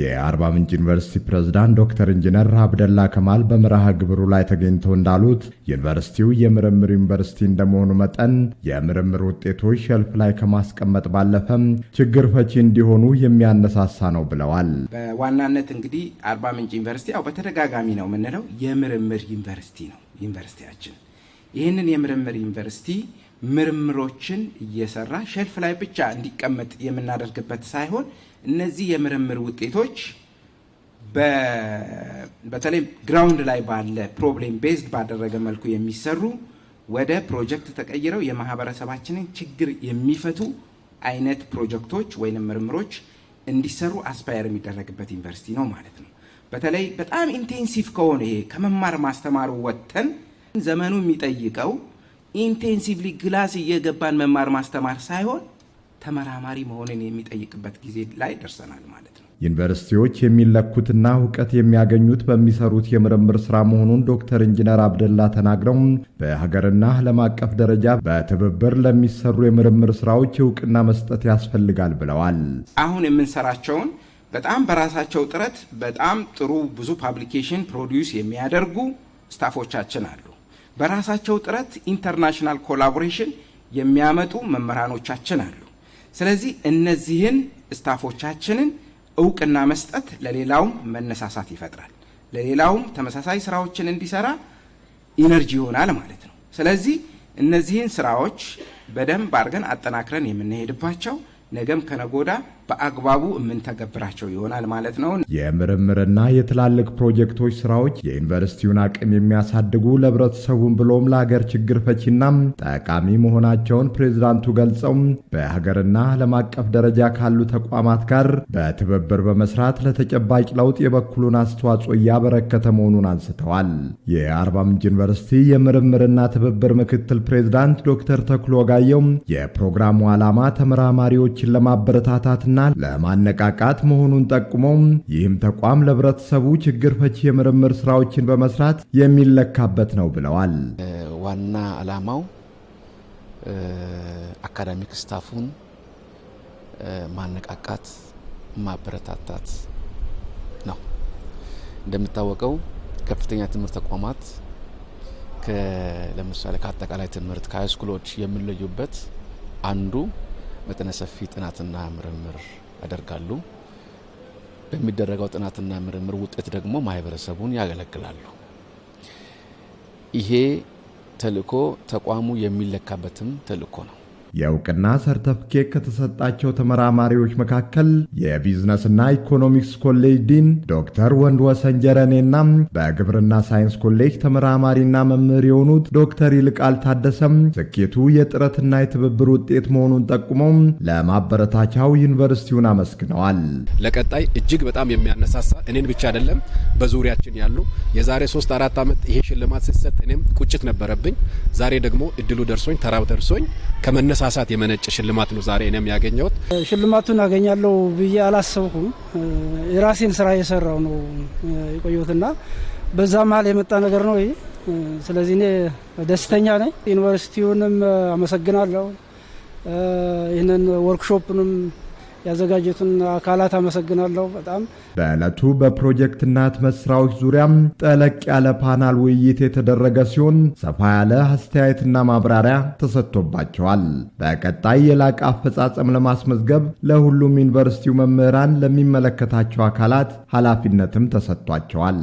የአርባ ምንጭ ዩኒቨርሲቲ ፕሬዝዳንት ዶክተር ኢንጂነር አብደላ ከማል በመርሃ ግብሩ ላይ ተገኝተው እንዳሉት ዩኒቨርሲቲው የምርምር ዩኒቨርሲቲ እንደመሆኑ መጠን የምርምር ውጤቶች ሸልፍ ላይ ከማስቀመጥ ባለፈም ችግር ፈቺ እንዲሆኑ የሚያነሳሳ ነው ብለዋል። በዋናነት እንግዲህ አርባ ምንጭ ዩኒቨርሲቲ ያው በተደጋጋሚ ነው የምንለው የምርምር ዩኒቨርሲቲ ነው ዩኒቨርሲቲያችን። ይህንን የምርምር ዩኒቨርሲቲ ምርምሮችን እየሰራ ሸልፍ ላይ ብቻ እንዲቀመጥ የምናደርግበት ሳይሆን እነዚህ የምርምር ውጤቶች በተለይ ግራውንድ ላይ ባለ ፕሮብሌም ቤዝድ ባደረገ መልኩ የሚሰሩ ወደ ፕሮጀክት ተቀይረው የማህበረሰባችንን ችግር የሚፈቱ አይነት ፕሮጀክቶች ወይም ምርምሮች እንዲሰሩ አስፓየር የሚደረግበት ዩኒቨርሲቲ ነው ማለት ነው። በተለይ በጣም ኢንቴንሲቭ ከሆነ ይሄ ከመማር ማስተማሩ ወጥተን ዘመኑ የሚጠይቀው ኢንቴንሲቭሊ ግላስ እየገባን መማር ማስተማር ሳይሆን ተመራማሪ መሆንን የሚጠይቅበት ጊዜ ላይ ደርሰናል ማለት ነው። ዩኒቨርሲቲዎች የሚለኩትና እውቀት የሚያገኙት በሚሰሩት የምርምር ስራ መሆኑን ዶክተር ኢንጂነር አብደላ ተናግረው በሀገርና ዓለም አቀፍ ደረጃ በትብብር ለሚሰሩ የምርምር ስራዎች እውቅና መስጠት ያስፈልጋል ብለዋል። አሁን የምንሰራቸውን በጣም በራሳቸው ጥረት በጣም ጥሩ ብዙ ፓብሊኬሽን ፕሮዲውስ የሚያደርጉ ስታፎቻችን አሉ። በራሳቸው ጥረት ኢንተርናሽናል ኮላቦሬሽን የሚያመጡ መምህራኖቻችን አሉ። ስለዚህ እነዚህን ስታፎቻችንን እውቅና መስጠት ለሌላውም መነሳሳት ይፈጥራል። ለሌላውም ተመሳሳይ ስራዎችን እንዲሰራ ኢነርጂ ይሆናል ማለት ነው። ስለዚህ እነዚህን ስራዎች በደንብ አድርገን አጠናክረን የምንሄድባቸው ነገም ከነጎዳ በአግባቡ የምንተገብራቸው ይሆናል ማለት ነው። የምርምርና የትላልቅ ፕሮጀክቶች ስራዎች የዩኒቨርሲቲውን አቅም የሚያሳድጉ ለህብረተሰቡን ብሎም ለሀገር ችግር ፈቺና ጠቃሚ መሆናቸውን ፕሬዝዳንቱ ገልጸው በሀገርና ዓለም አቀፍ ደረጃ ካሉ ተቋማት ጋር በትብብር በመስራት ለተጨባጭ ለውጥ የበኩሉን አስተዋጽኦ እያበረከተ መሆኑን አንስተዋል። የአርባ ምንጭ ዩኒቨርሲቲ የምርምርና ትብብር ምክትል ፕሬዝዳንት ዶክተር ተክሎ ጋየው የፕሮግራሙ ዓላማ ተመራማሪዎችን ለማበረታታትና ለማስፋፋትና ለማነቃቃት መሆኑን ጠቁሞም ይህም ተቋም ለህብረተሰቡ ችግር ፈቺ የምርምር ስራዎችን በመስራት የሚለካበት ነው ብለዋል። ዋና አላማው አካዳሚክ ስታፉን ማነቃቃት፣ ማበረታታት ነው። እንደሚታወቀው ከፍተኛ ትምህርት ተቋማት ለምሳሌ ከአጠቃላይ ትምህርት ከሃይስኩሎች የሚለዩበት አንዱ መጠነ ሰፊ ጥናትና ምርምር ያደርጋሉ። በሚደረገው ጥናትና ምርምር ውጤት ደግሞ ማህበረሰቡን ያገለግላሉ። ይሄ ተልእኮ ተቋሙ የሚለካበትም ተልእኮ ነው። የእውቅና ሰርተፍኬት ከተሰጣቸው ተመራማሪዎች መካከል የቢዝነስና ኢኮኖሚክስ ኮሌጅ ዲን ዶክተር ወንድወሰን ጀረኔና በግብርና ሳይንስ ኮሌጅ ተመራማሪና መምህር የሆኑት ዶክተር ይልቃል ታደሰም ስኬቱ የጥረትና የትብብር ውጤት መሆኑን ጠቁመው ለማበረታቻው ዩኒቨርሲቲውን አመስግነዋል። ለቀጣይ እጅግ በጣም የሚያነሳሳ እኔን ብቻ አይደለም በዙሪያችን ያሉ የዛሬ ሶስት አራት ዓመት ይሄ ሽልማት ሲሰጥ እኔም ቁጭት ነበረብኝ። ዛሬ ደግሞ እድሉ ደርሶኝ ተራው ደርሶኝ ከመነሳ ከመነሳሳት የመነጨ ሽልማት ነው ዛሬ እኔም ያገኘሁት። ሽልማቱን አገኛለሁ ብዬ አላሰብኩም። የራሴን ስራ የሰራው ነው የቆየሁትና በዛ መሀል የመጣ ነገር ነው። ስለዚህ እኔ ደስተኛ ነኝ። ዩኒቨርሲቲውንም አመሰግናለሁ። ይህንን ወርክሾፕንም ያዘጋጀቱን አካላት አመሰግናለሁ። በጣም በዕለቱ በፕሮጀክትና ህትመት ስራዎች ዙሪያም ጠለቅ ያለ ፓናል ውይይት የተደረገ ሲሆን ሰፋ ያለ አስተያየትና ማብራሪያ ተሰጥቶባቸዋል። በቀጣይ የላቀ አፈጻጸም ለማስመዝገብ ለሁሉም ዩኒቨርሲቲው መምህራን ለሚመለከታቸው አካላት ኃላፊነትም ተሰጥቷቸዋል።